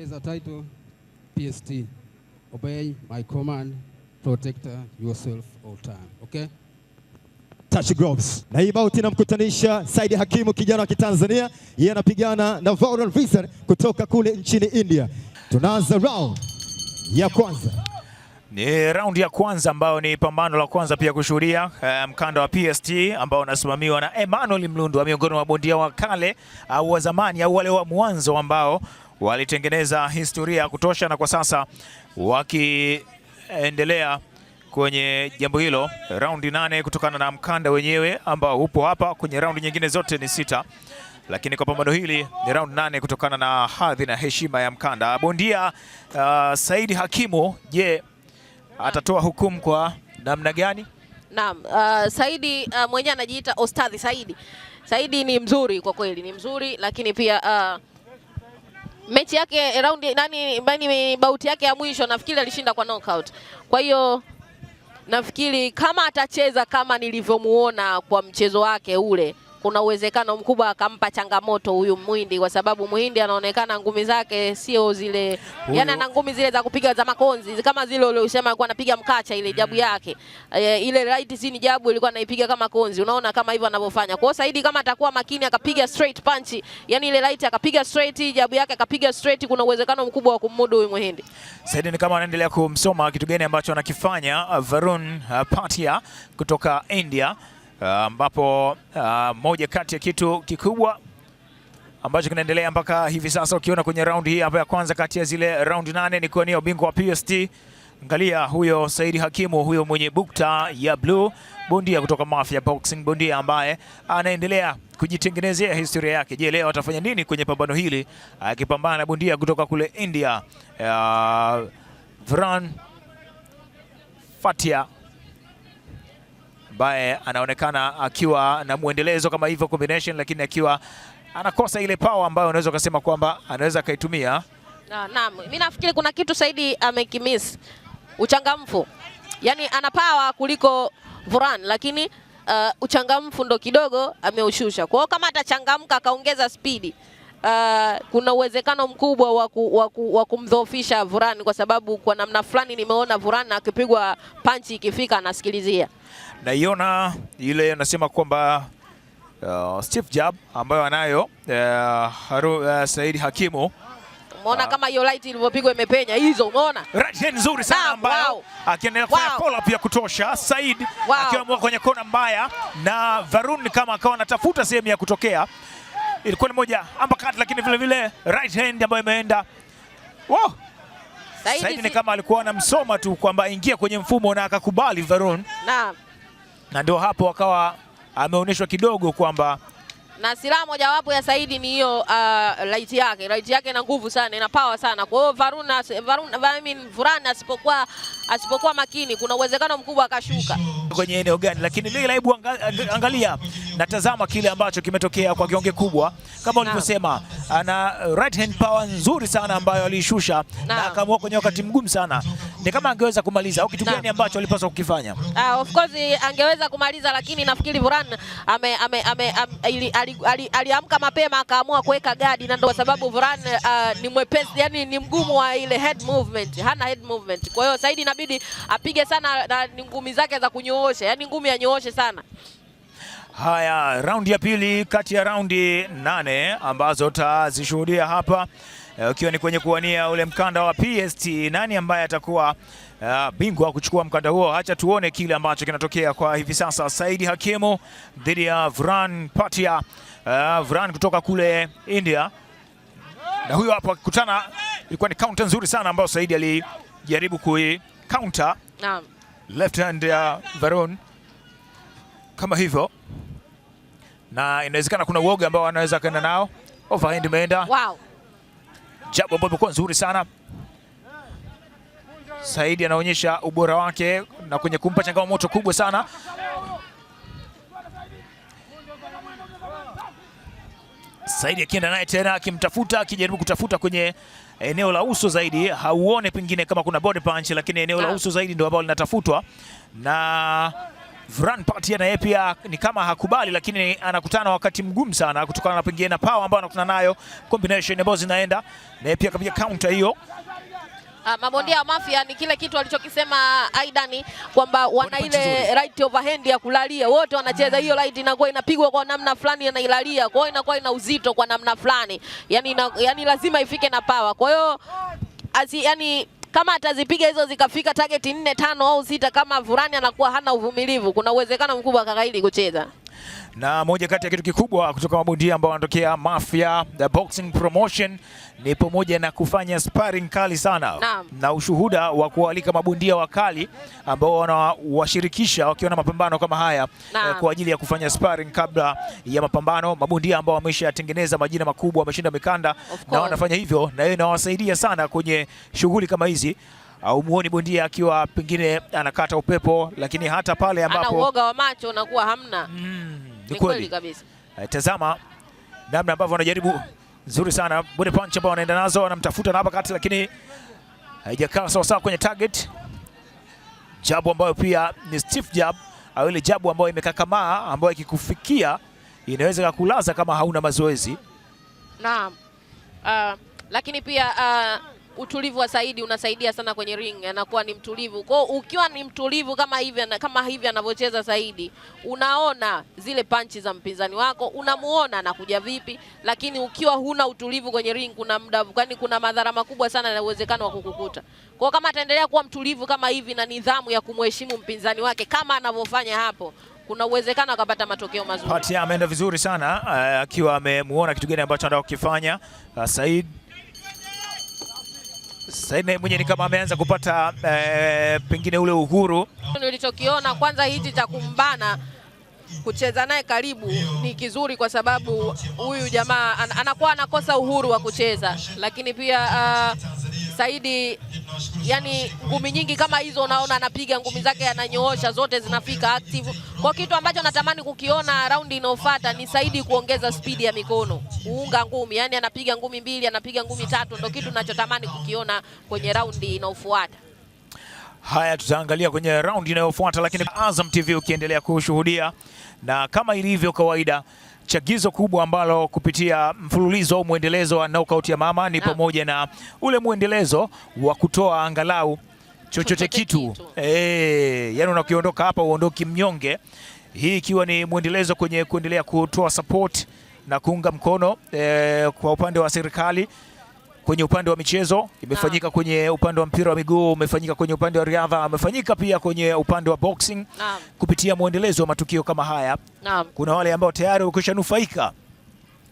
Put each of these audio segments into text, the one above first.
Meza title PST. Obey my command, protect yourself all time. Okay? Touch gloves. Na hii bauti inamkutanisha Saidi Hakimu kijana wa Kitanzania, yeye anapigana na Vauran Visan kutoka kule nchini India. Tunaanza round ya kwanza. Ni round ya kwanza ambayo ni pambano la kwanza pia kushuhudia eh, mkanda um, wa PST ambao unasimamiwa na Emmanuel Mlundwa, miongoni mwa bondia wa kale au wa zamani au wale wa mwanzo ambao walitengeneza historia ya kutosha na kwa sasa wakiendelea kwenye jambo hilo, raundi nane kutokana na mkanda wenyewe ambao upo hapa. Kwenye raundi nyingine zote ni sita, lakini kwa pambano hili ni raundi nane kutokana na hadhi na heshima ya mkanda. Bondia uh, Saidi Hakimu, je, atatoa hukumu kwa namna gani? Naam, uh, Saidi uh, mwenyewe anajiita Ostadhi Saidi. Saidi ni mzuri kwa kweli, ni mzuri lakini pia uh, mechi yake eh, round nani bani bauti yake ya mwisho nafikiri alishinda kwa knockout. Kwa hiyo nafikiri kama atacheza kama nilivyomuona kwa mchezo wake ule kuna uwezekano mkubwa akampa changamoto huyu Muhindi, kwa sababu Muhindi anaonekana ngumi zake sio zile, yani ana ngumi zile za kupiga za makonzi kama zile uliosema alikuwa anapiga mkacha ile jabu mm. yake e, ile right si ni jabu ilikuwa anaipiga kama konzi, unaona kama hivyo anavyofanya. Kwa hiyo Saidi kama atakuwa makini akapiga straight punch, yani ile right akapiga straight jabu yake akapiga straight, kuna uwezekano mkubwa wa kumudu huyu Muhindi. Saidi ni kama anaendelea kumsoma kitu gani ambacho anakifanya uh, Varun uh, Patia kutoka India. Ah, ambapo uh, uh, moja kati ya kitu kikubwa ambacho kinaendelea mpaka hivi sasa ukiona kwenye raundi hii hapa ya kwanza kati ya zile raundi nane ni kuwania ubingwa wa PST. Angalia huyo Saidi Hakimu, huyo mwenye bukta ya blue, bondia kutoka Mafia Boxing, bondia ambaye anaendelea kujitengenezea historia yake. Je, leo atafanya nini kwenye pambano hili akipambana na bondia kutoka kule India, uh, Vran Fatia ambaye anaonekana akiwa na mwendelezo kama hivyo combination, lakini akiwa anakosa ile power ambayo unaweza ukasema kwamba anaweza akaitumia. Naam, na, mimi nafikiri kuna kitu Saidi amekimiss, uchangamfu. Yaani ana power kuliko Varane lakini uh, uchangamfu ndo kidogo ameushusha. Kwa hiyo kama atachangamka akaongeza spidi uh, kuna uwezekano mkubwa wa waku, kumdhoofisha Varane kwa sababu kwa namna fulani nimeona Varane akipigwa panchi ikifika anasikilizia naiona ile anasema kwamba uh, Steve Jab ambayo anayo uh, Haru, uh, Said Hakimu Umeona ah. kama hiyo light ilivyopigwa imepenya hizo, umeona right hand nzuri sana ambayo wow. akiendelea kufanya wow. pull up ya kutosha. Said wow. akiwa mwa kwenye kona mbaya na Varun kama akawa anatafuta sehemu ya kutokea, ilikuwa ni moja kati lakini vile vile right hand ambayo imeenda wow. Said ni kama alikuwa anamsoma tu kwamba ingia kwenye mfumo na akakubali Varun. Naam na ndio hapo wakawa ameonyeshwa kidogo kwamba na silaha mojawapo ya Saidi ni hiyo uh, light yake. Light yake ina nguvu sana, ina power sana. Kwa hiyo Varuna, Varuna, I mean Varane asipokuwa asipokuwa makini, kuna uwezekano mkubwa akashuka kwenye eneo gani, lakini lile laibu angalia na tazama kile ambacho kimetokea kwa kionge kubwa, kama ulivyosema, ana right hand power nzuri sana ambayo aliishusha na, na akaamua kwenye wakati mgumu sana ni kama angeweza kumaliza au kitu gani ambacho alipaswa kukifanya? Uh, of course angeweza kumaliza, lakini nafikiri Vuran ame, ame, ame, am, ali, ali, ali, aliamka mapema akaamua kuweka gadi, na ndio kwa sababu Vuran uh, ni mwepesi, yani ni mgumu wa ile head movement, hana head movement. Kwa hiyo Saidi inabidi apige sana na ngumi zake za kunyoosha, yani ngumi anyooshe sana. Haya, raundi ya pili kati ya raundi nane ambazo tazishuhudia hapa. Eh, ukiwa ni kwenye kuwania ule mkanda wa PST. Nani ambaye atakuwa uh, bingwa kuchukua mkanda huo? Acha tuone kile ambacho kinatokea kwa hivi sasa. Saidi Hakimu dhidi ya Vran Patia, uh, eh, Vran kutoka kule India, na huyo hapo akikutana, ilikuwa ni counter nzuri sana ambayo Saidi alijaribu kui counter naam, left hand ya Varun kama hivyo, na inawezekana kuna uoga ambao anaweza kaenda nao. Overhand imeenda wow jabu ambayo imekuwa nzuri sana. Saidi anaonyesha ubora wake na kwenye kumpa changamoto kubwa sana. Saidi akienda naye tena akimtafuta akijaribu kutafuta kwenye eneo la uso zaidi, hauone pengine kama kuna body punch, lakini eneo la ah. uso zaidi ndio ambalo linatafutwa na Vran Party naye pia ni kama hakubali, lakini anakutana wakati mgumu sana kutokana na pengine na power ambayo anakutana nayo, combination ambazo zinaenda naye pia kapiga counter hiyo. Ah, mabondia wa Mafia ni kile kitu alichokisema Aidani kwamba wana ile right overhand ya kulalia, wote wanacheza hiyo right, inakuwa inapigwa kwa namna fulani, inailalia, kwa hiyo inakuwa ina uzito kwa namna fulani, yani, yani lazima ifike na power, kwa hiyo yani kama atazipiga hizo zikafika target nne tano au sita, kama Vurani anakuwa hana uvumilivu, kuna uwezekano mkubwa kaka kucheza na moja kati ya kitu kikubwa kutoka mabondia ambao wanatokea Mafia the Boxing Promotion ni pamoja na kufanya sparring kali sana na, na ushuhuda wa kualika mabondia wakali ambao wanawashirikisha wakiona mapambano kama haya eh, kwa ajili ya kufanya sparring kabla ya mapambano. Mabondia ambao wameshatengeneza majina makubwa, wameshinda mikanda na wanafanya hivyo, na hiyo inawasaidia sana kwenye shughuli kama hizi umuoni bondia akiwa pengine anakata upepo, lakini hata pale ambapo ana uoga wa macho unakuwa hamna. Mm, ni kweli kabisa. Eh, tazama namna ambavyo wanajaribu nzuri sana body punch ambao wanaenda nazo, anamtafuta na hapa kati, lakini haijakaa sawa sawa kwenye target. Jabu ambayo pia ni stiff jab au ile jabu ambayo imekakamaa ambayo ikikufikia inaweza kakulaza kama hauna mazoezi. Naam. Uh, lakini pia uh, utulivu wa Saidi unasaidia sana kwenye ring, anakuwa ni mtulivu. Kwa ukiwa ni mtulivu kama hivi kama hivi anavyocheza Saidi, unaona zile panchi za mpinzani wako, unamuona anakuja vipi. Lakini ukiwa huna utulivu kwenye ring, kuna muda kwani kuna madhara makubwa sana na uwezekano wa kukukuta. Kwa kama ataendelea kuwa mtulivu kama hivi na nidhamu ya kumheshimu mpinzani wake kama anavyofanya hapo kuna uwezekano akapata matokeo mazuri. Pati ameenda vizuri sana eh, akiwa amemuona kitu gani ambacho anataka kukifanya. Uh, Said sasa ni kama ameanza kupata eh, pengine ule uhuru nilichokiona kwanza hichi cha kumbana kucheza naye karibu ni kizuri, kwa sababu huyu jamaa an, anakuwa anakosa uhuru wa kucheza, lakini pia uh, Saidi yani ngumi nyingi kama hizo unaona anapiga ngumi zake ananyoosha, zote zinafika active. Kwa kitu ambacho natamani kukiona raundi inayofuata ni Saidi kuongeza spidi ya mikono, kuunga ngumi, yani anapiga ngumi mbili, anapiga ngumi tatu, ndio kitu nachotamani kukiona kwenye raundi inayofuata. Haya, tutaangalia kwenye raundi inayofuata, lakini Azam TV ukiendelea kushuhudia, na kama ilivyo kawaida, chagizo kubwa ambalo kupitia mfululizo au mwendelezo wa knockout ya mama ni pamoja na ule mwendelezo wa kutoa angalau chochote kitu, eh, yani unakiondoka hapa uondoki mnyonge, hii ikiwa ni mwendelezo kwenye kuendelea kutoa support na kuunga mkono eh, kwa upande wa serikali kwenye upande wa michezo imefanyika Naam. kwenye upande wa mpira wa miguu umefanyika kwenye upande wa riadha amefanyika pia kwenye upande wa boxing Naam. kupitia mwendelezo wa matukio kama haya Naam. kuna wale ambao tayari nufaika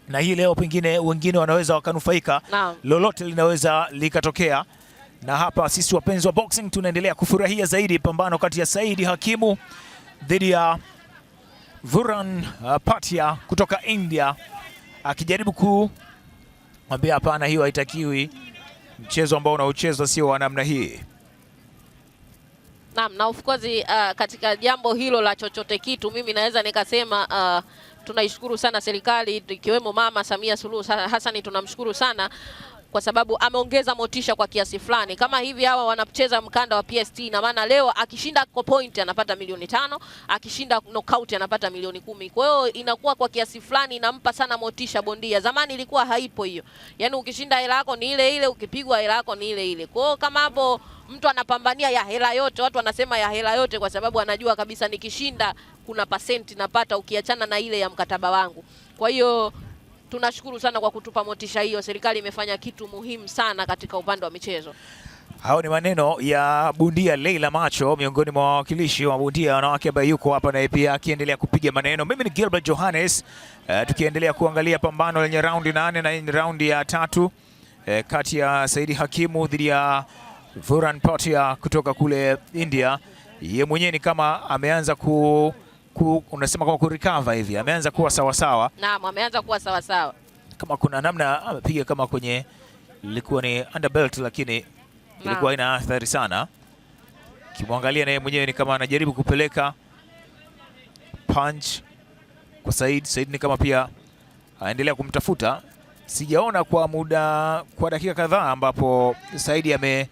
na hii leo, pengine wengine wanaweza wakanufaika. Naam. lolote linaweza likatokea, na hapa sisi wapenzi wa boxing tunaendelea kufurahia zaidi pambano kati ya Saidi Hakimu dhidi ya Vuran uh, Patia kutoka India akijaribu ku mwambia hapana, hiyo haitakiwi. Mchezo ambao unaochezwa sio wa namna hii. Naam, na of course uh, katika jambo hilo la chochote kitu mimi naweza nikasema uh, tunaishukuru sana serikali ikiwemo Mama Samia Suluhu Hassan, tunamshukuru sana kwa sababu ameongeza motisha kwa kiasi fulani. Kama hivi hawa wanacheza mkanda wa PST, na maana leo akishinda kwa point anapata milioni tano, akishinda knockout anapata milioni kumi. Kwa hiyo inakuwa kwa kiasi fulani inampa sana motisha bondia. Zamani ilikuwa haipo hiyo, yaani ukishinda hela yako ni ile ile, ukipigwa hela yako ni ile ile. Kwa hiyo kama hapo mtu anapambania ya hela yote, watu wanasema ya hela yote kwa sababu anajua kabisa nikishinda kuna pasenti napata, ukiachana na ile ya mkataba wangu. Kwa hiyo tunashukuru sana kwa kutupa motisha hiyo. Serikali imefanya kitu muhimu sana katika upande wa michezo. Hayo ni maneno ya bundia Leila Macho, miongoni mwa wawakilishi wa bundia wanawake ambaye yuko hapa naye pia akiendelea kupiga maneno. Mimi ni Gilbert Johannes. Uh, tukiendelea kuangalia pambano lenye raundi nane na raundi ya tatu uh, kati ya Saidi Hakimu dhidi ya Vuran Potia kutoka kule India. Ye mwenyewe ni kama ameanza ku ku, unasema kama kurecover hivi, ameanza kuwa sawasawa. Naam, ameanza kuwa sawa. kama kuna namna amepiga kama kwenye ilikuwa ni underbelt, lakini ilikuwa ina athari sana. Kimwangalia naye mwenyewe ni kama anajaribu kupeleka punch kwa Said. Said ni kama pia aendelea kumtafuta. Sijaona kwa muda kwa dakika kadhaa ambapo Said ame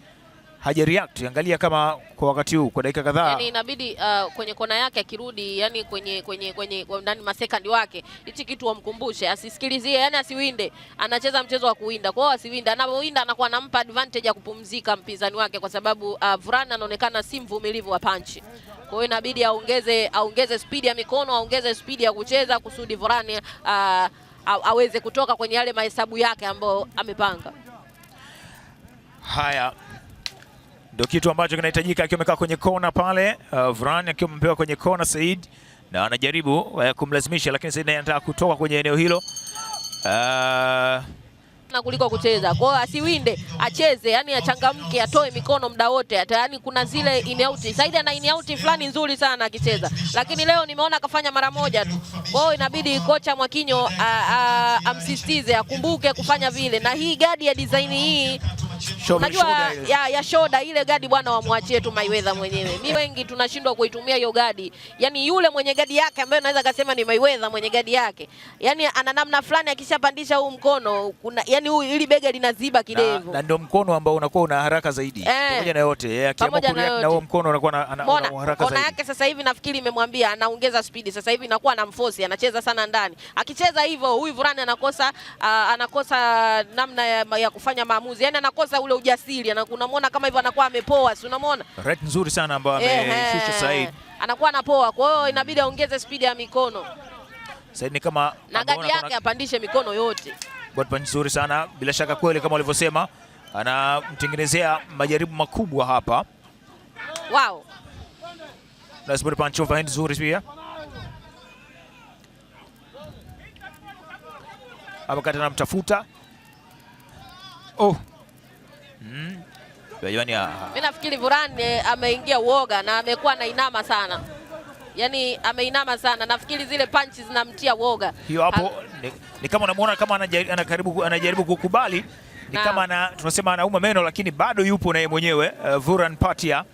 haja react, angalia kama kwa wakati huu kwa dakika kadhaa, yani inabidi uh, kwenye kona yake akirudi, yani kwenye kwenye kwenye ndani masekandi wake, hichi kitu wamkumbushe, asisikilizie, yani asiwinde. Anacheza mchezo wa kuwinda, kwa hiyo asiwinde. Anapowinda anakuwa anampa advantage ya kupumzika mpinzani wake, kwa sababu uh, Varane anaonekana si mvumilivu wa panchi. Kwa hiyo inabidi aongeze aongeze speed ya mikono, aongeze speed ya kucheza kusudi Varane uh, aweze kutoka kwenye yale mahesabu yake ambayo amepanga. Haya ndio kitu ambacho kinahitajika, akiwa amekaa kwenye kona pale. Uh, Varane akiwa amepewa kwenye kona Said, na anajaribu uh, kumlazimisha, lakini Said anataka kutoka kwenye eneo hilo uh, na kuliko kucheza kwa hiyo asiwinde acheze, yani achangamke, atoe mikono muda wote, hata yani kuna zile in out. Said ana in out fulani nzuri sana akicheza, lakini leo nimeona akafanya mara moja tu. Kwa hiyo inabidi kocha Mwakinyo amsisitize akumbuke kufanya vile, na hii gadi ya design hii Unajua ya, ya shoda ile gadi bwana, wamwachie tu Mayweather mwenyewe. Mi wengi tunashindwa kuitumia hiyo gadi, yaani yule mwenye gadi yake ambaye unaweza kasema ni Mayweather mwenye gadi yake, yaani ana namna fulani akishapandisha huu mkono kuna, yani huu ili bega linaziba kidevu, na ndio mkono ambao unakuwa una haraka zaidi eh. pamoja na yote, akiamua kureact na huo mkono unakuwa na haraka zaidi. Mkono yake sasa hivi nafikiri imemwambia anaongeza speed sasa hivi, inakuwa anamforce, anacheza sana ndani. Akicheza hivyo huyu Vurani anakosa uh, anakosa namna ya, ya kufanya maamuzi, yani anakosa anakosa ule ujasiri, unamwona kama hivyo anakuwa amepoa, si unamwona? right nzuri sana ambayo ameshusha Said, anakuwa anapoa, kwa hiyo inabidi aongeze spidi ya mikono Said ni kama na gadi yake apandishe mikono yote. God punch nzuri sana bila shaka kweli, kama ulivyosema, anamtengenezea majaribu makubwa hapa. Wow. Na sport punch overhand nzuri pia hapa, kata anamtafuta. Oh. Mm. Mimi nafikiri Varane eh, ameingia uoga na amekuwa inama sana, yaani ameinama sana, nafikiri zile punches zinamtia uoga. Hiyo hapo ni, ni kama unamuona kama anajaribu, anajaribu kukubali ni na, kama na, tunasema anauma meno lakini bado yupo naye mwenyewe uh, Vuran Patia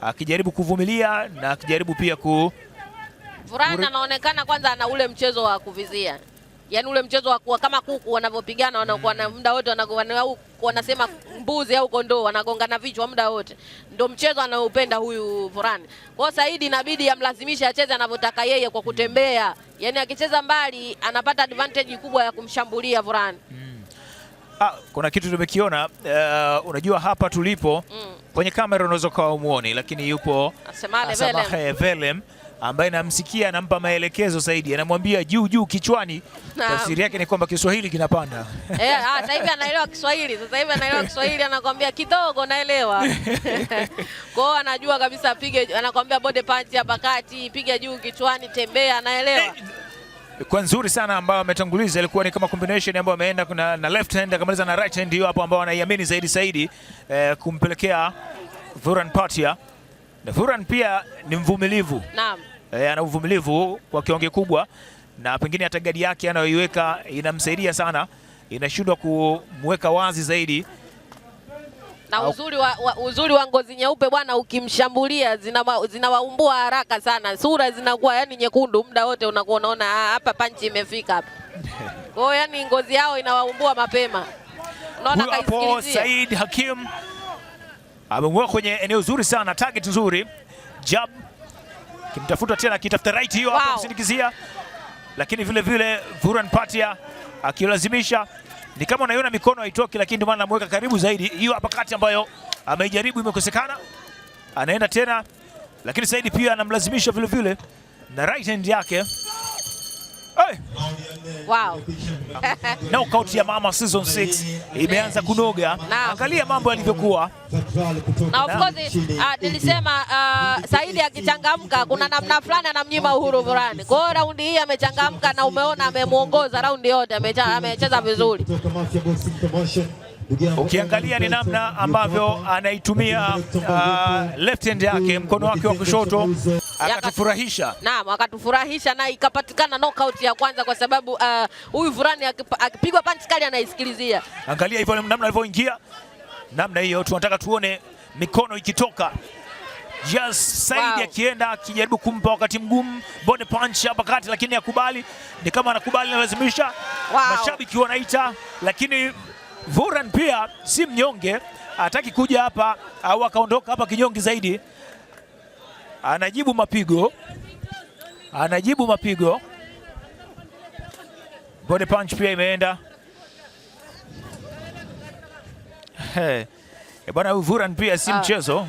akijaribu uh, kuvumilia na akijaribu pia ku Vuran anaonekana kwanza ana ule mchezo wa kuvizia yani ule mchezo wa kuwa kama kuku wanavyopigana wanakuwa na muda wote wanakuwa wanasema mbuzi au kondoo wanagongana vichwa muda wote, ndio mchezo anaoupenda huyu Furani. Kwa hiyo Saidi inabidi amlazimishe acheze anavyotaka yeye kwa kutembea, yani akicheza mbali anapata advantage kubwa ya kumshambulia Furani. Ha, hmm. ah, kuna kitu tumekiona. Uh, unajua hapa tulipo mm. kwenye kamera unaweza ukawa umuoni, lakini yupo Asamahe Velem ambaye namsikia anampa maelekezo zaidi, anamwambia juu juu kichwani. Tafsiri yake ni kwamba Kiswahili kinapanda. Eh, ah, sasa hivi anaelewa Kiswahili, sasa hivi anaelewa Kiswahili, anakwambia kidogo naelewa. Kwa hiyo anajua kabisa, apige, anakwambia bode panti hapa kati, piga juu kichwani, tembea, anaelewa eh, kwa nzuri sana ambayo ametanguliza ilikuwa ni kama combination ambayo ameenda na, na left hand akamaliza na right hand, hiyo hapo ambao anaiamini zaidi zaidi eh, kumpelekea Thuran Patia na Thuran pia ni mvumilivu. Naam e, ana uvumilivu kwa kionge kikubwa, na pengine hata gadi yake anayoiweka inamsaidia sana, inashindwa kumweka wazi zaidi na uzuri wa, wa, uzuri wa ngozi nyeupe bwana, ukimshambulia zinawaumbua zina haraka sana, sura zinakuwa yani nyekundu muda wote, unakuwa unaona ah, hapa panchi imefika hapa. Kwa hiyo yani ngozi yao inawaumbua mapema. Unaona hapo Said Hakim amemweka kwenye eneo zuri sana, target nzuri jab kimtafuta tena kitafuta right hiyo hapo wow. Kusindikizia lakini vile vile Vuran Patia akilazimisha, ni kama unaiona mikono haitoki, lakini ndio maana namweka karibu zaidi. Hiyo hapa kati ambayo amejaribu imekosekana, anaenda tena, lakini Saidi pia anamlazimisha vile vile na right hand yake. Wow. Knockout ya mama season 6 imeanza kunoga. Angalia mambo yalivyokuwa. Na of course uh, nilisema uh, Saidi akichangamka kuna namna fulani anamnyima uhuru fulani Kwa hiyo raundi hii amechangamka na umeona amemuongoza raundi yote amecheza vizuri. Ukiangalia ni namna ambavyo anaitumia uh, left hand yake mkono wake wa kushoto akatufurahisha. Naam, akatufurahisha na ikapatikana knockout ya kwanza kwa sababu uh, huyu uh, Vurani akipigwa punch kali anaisikilizia. Angalia hivyo namna alivyoingia. Namna hiyo tunataka tuone mikono ikitoka Yes, Saidi wow. Akienda akijaribu kumpa wakati mgumu body punch hapa kati, lakini akubali, ni kama anakubali analazimisha. Wow. Mashabiki wanaita lakini Vuran pia si mnyonge, hataki kuja hapa au akaondoka hapa kinyonge zaidi. Anajibu mapigo, anajibu mapigo. Body punch pia imeenda hey. Bwana Vuran pia si ah. mchezo.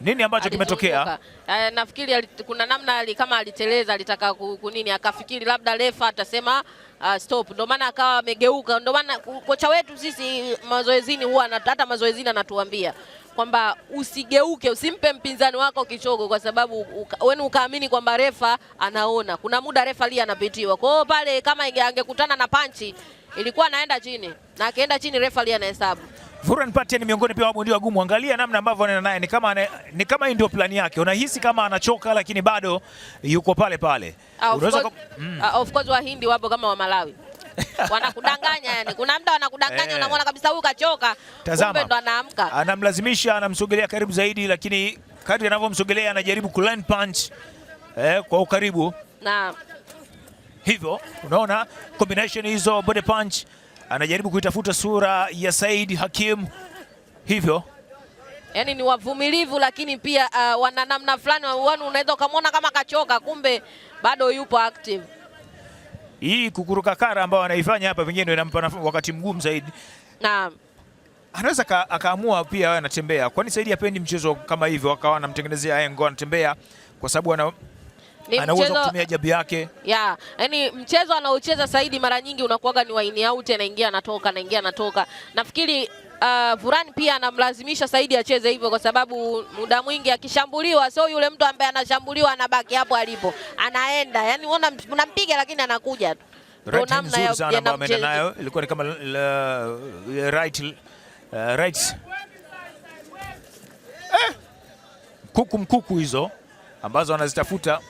Nini ambacho kimetokea? Uh, nafikiri kuna namna ali, kama aliteleza alitaka kunini akafikiri labda refa atasema uh, stop, ndio maana akawa amegeuka. Ndio maana kocha wetu sisi mazoezini huwa hata mazoezini anatuambia kwamba usigeuke, usimpe mpinzani wako kichogo, kwa sababu wewe ukaamini kwamba refa anaona. Kuna muda refa lia anapitiwa. Kwa hiyo pale kama angekutana na panchi ilikuwa anaenda chini na akienda chini refa lia anahesabu. Vuran Patia ni miongoni pia wabundi wagumu. Angalia namna ambavyo anaenda naye, ni kama ni kama hii ndio plani yake. Unahisi kama anachoka, lakini bado yuko pale pale. Ah, Unaweza of, mm. uh, of course Wahindi wapo kama wa Malawi wanakudanganya yani, kuna mda wanakudanganya, eh. unamwona kabisa huyu kachoka, kumbe ndo anaamka, anamlazimisha, anamsogelea karibu zaidi, lakini kadri anavyomsogelea anajaribu ku land punch eh, kwa ukaribu na hivyo unaona combination hizo body punch anajaribu kuitafuta sura ya Said Hakim hivyo yaani ni wavumilivu lakini pia uh, wana namna fulani unaweza ukamwona kama kachoka, kumbe bado yupo active. Hii kukuruka kara ambayo anaifanya hapa pengine inampa wakati mgumu zaidi. Naam. Anaweza akaamua pia awe anatembea, kwani Saidi apendi mchezo kama hivyo, akawa anamtengenezea engo anatembea kwa sababu ana anaweza kutumia jabu yake yeah. Yani mchezo anaocheza Saidi mara nyingi unakuwaga ni waini out, anaingia anatoka, anaingia anatoka. Nafikiri uh, Furani pia anamlazimisha Saidi acheze hivyo, kwa sababu muda mwingi akishambuliwa, sio yule mtu ambaye anashambuliwa anabaki hapo alipo, anaenda yani unampiga lakini anakuja tu namna ameenda nayo ilikuwa ni kama uh, right, uh, right. Eh, mkuku mkuku hizo ambazo anazitafuta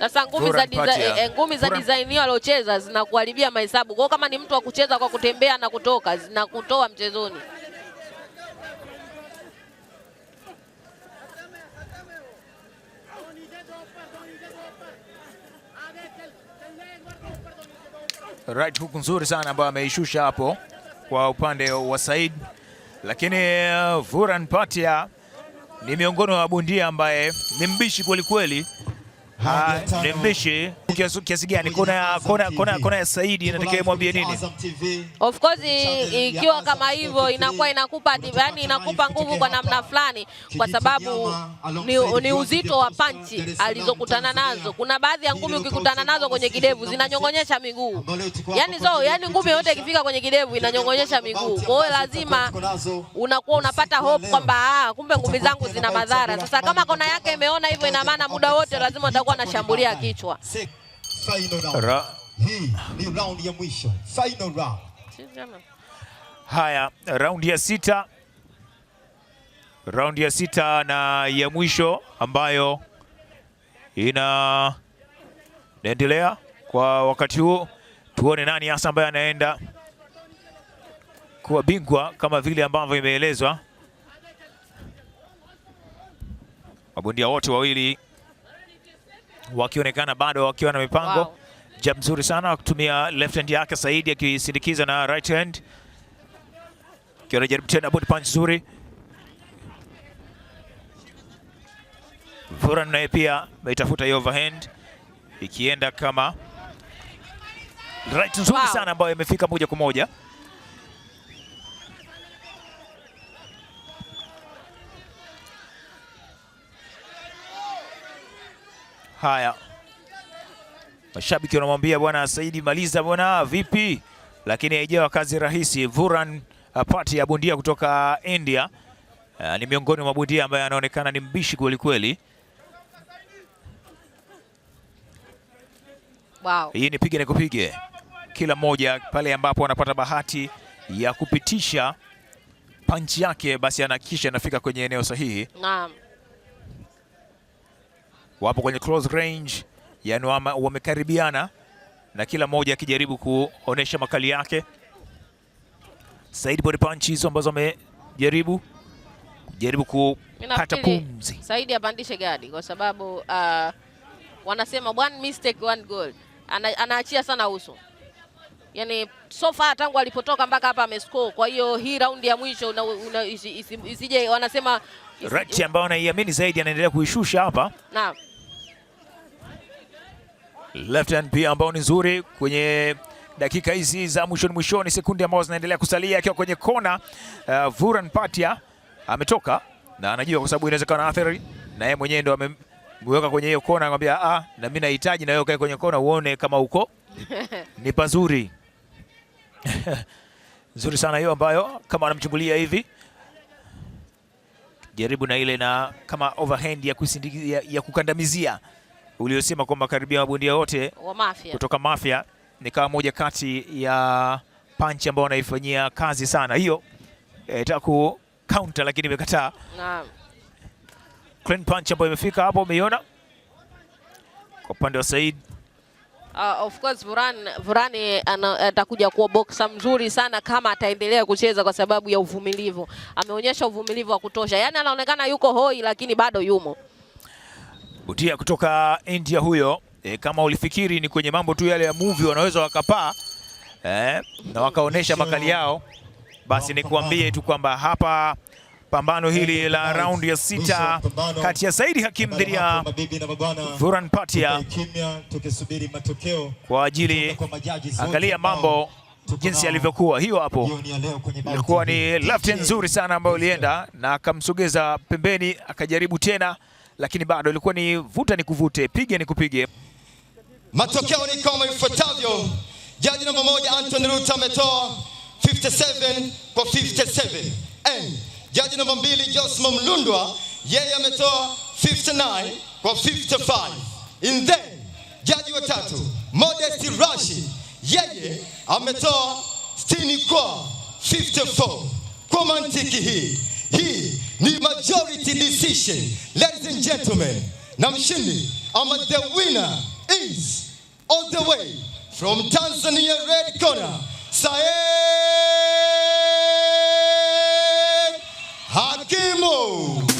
sasa ngumi za design, eh, ngumi za design hiyo aliocheza zinakuharibia mahesabu. Kwa kama ni mtu wa kucheza kwa kutembea na kutoka, zinakutoa mchezoni. Right hook nzuri sana ambayo ameishusha hapo kwa upande wa Said, lakini Vuran eh, Patia ni miongoni mwa mabondia ambaye ni mbishi kwelikweli. Nimbishi kiasi gani? Kona kona kona kona ya Saidi inatakiwa mwambie nini? Of course ikiwa kama hivyo inakuwa inakupa yani inakupa nguvu kwa namna fulani, kwa sababu ni, ni uzito wa panchi alizokutana nazo. Kuna baadhi ya ngumi ukikutana nazo kwenye kidevu zinanyong'onyesha miguu yani, zo yani ngumi yote ikifika kwenye kidevu inanyong'onyesha miguu. Kwa hiyo lazima unakuwa unapata hope kwamba ah, kumbe ngumi zangu zina madhara. Sasa kama kona yake imeona hivyo, ina maana muda wote lazima utakuwa alikuwa anashambulia kichwa. Hii ni ya mwisho, final round. Haya, raundi ya sita, raundi ya sita na ya mwisho ambayo ina naendelea kwa wakati huu. Tuone nani hasa ambaye anaenda kuwa bingwa kama vile ambavyo imeelezwa. Mabondia wote wawili wakionekana bado wakiwa na mipango wow. Jab mzuri sana kutumia left hand yake Saidi akisindikiza na right hand, kiona jaribu tena body punch nzuri. Furan naye pia ameitafuta hiyo overhand ikienda kama right nzuri wow. sana ambayo imefika moja kwa moja. Haya, mashabiki wanamwambia bwana Saidi, maliza bwana, vipi? Lakini haijawa kazi rahisi. Vuran uh, pati ya bondia kutoka India uh, ni miongoni mwa bondia ambaye anaonekana ni mbishi kweli kweli. Wow. Hii ni pige na kupige, kila mmoja pale ambapo anapata bahati ya kupitisha panchi yake basi anahakikisha anafika kwenye eneo sahihi. Naam wapo kwenye close range, yani wamekaribiana na kila mmoja akijaribu kuonesha makali yake. Saidi body punch hizo ambazo amejaribu jaribu kupata pumzi. Saidi apandishe gadi kwa sababu uh, wanasema one mistake one goal. Ana, anaachia sana uso yani, so far tangu alipotoka mpaka hapa amescore. Kwa hiyo hii raundi ya mwisho isije, wanasema isi, ret ambayo anaiamini zaidi anaendelea kuishusha hapa. Naam. Left hand pia ambao ni nzuri kwenye dakika hizi za mwishoni mwishoni, sekunde ambazo zinaendelea kusalia, akiwa kwenye kona. Uh, Vuran Patia ametoka na anajua kwa sababu na athari na yeye mwenyewe ndo ameweka kwenye hiyo kona, anamwambia ah, na mimi nahitaji na wewe ukae kwenye kona uone kama uko ni pazuri nzuri sana hiyo, ambayo kama anamchungulia hivi jaribu na ile na kama overhand ya, ya, ya kukandamizia uliosema kwamba karibia mabondia wote wa Mafia kutoka Mafia ni kama moja kati ya panchi ambao wanaifanyia kazi sana hiyo. Eh, itaka ku counter lakini imekataa. Naam. Clean punch ambayo imefika hapo, umeiona kwa upande wa Said. Uh, of course Vuran Vurani eh, atakuja kuwa boxer mzuri sana kama ataendelea kucheza kwa sababu ya uvumilivu. Ameonyesha uvumilivu wa kutosha, yaani anaonekana yuko hoi, lakini bado yumo kutia kutoka India huyo e, kama ulifikiri ni kwenye mambo tu yale ya movie wanaweza wakapaa e, na wakaonesha makali yao, basi nikuambie tu kwamba hapa pambano hili la raundi ya sita kati ya Saidi Hakim dhidi ya Furan Patia kwa ajili, angalia mambo jinsi yalivyokuwa. Hiyo hapo ilikuwa ni left nzuri sana ambayo ilienda na akamsogeza pembeni, akajaribu tena lakini bado ilikuwa ni vuta ni kuvute, pige ni kupige. Matokeo ni kama ifuatavyo: jaji namba moja Anthony Ruta ametoa 57 kwa 57. And jaji namba mbili Josmo Mlundwa yeye ametoa 59 kwa 55. In then jaji wa tatu Modest Rashi yeye ametoa 60 kwa 54. Kwa mantiki hii hii ni majority decision. Ladies and gentlemen, na mshindi ama the winner is all the way from Tanzania Red Corner, Saeed Hakimu.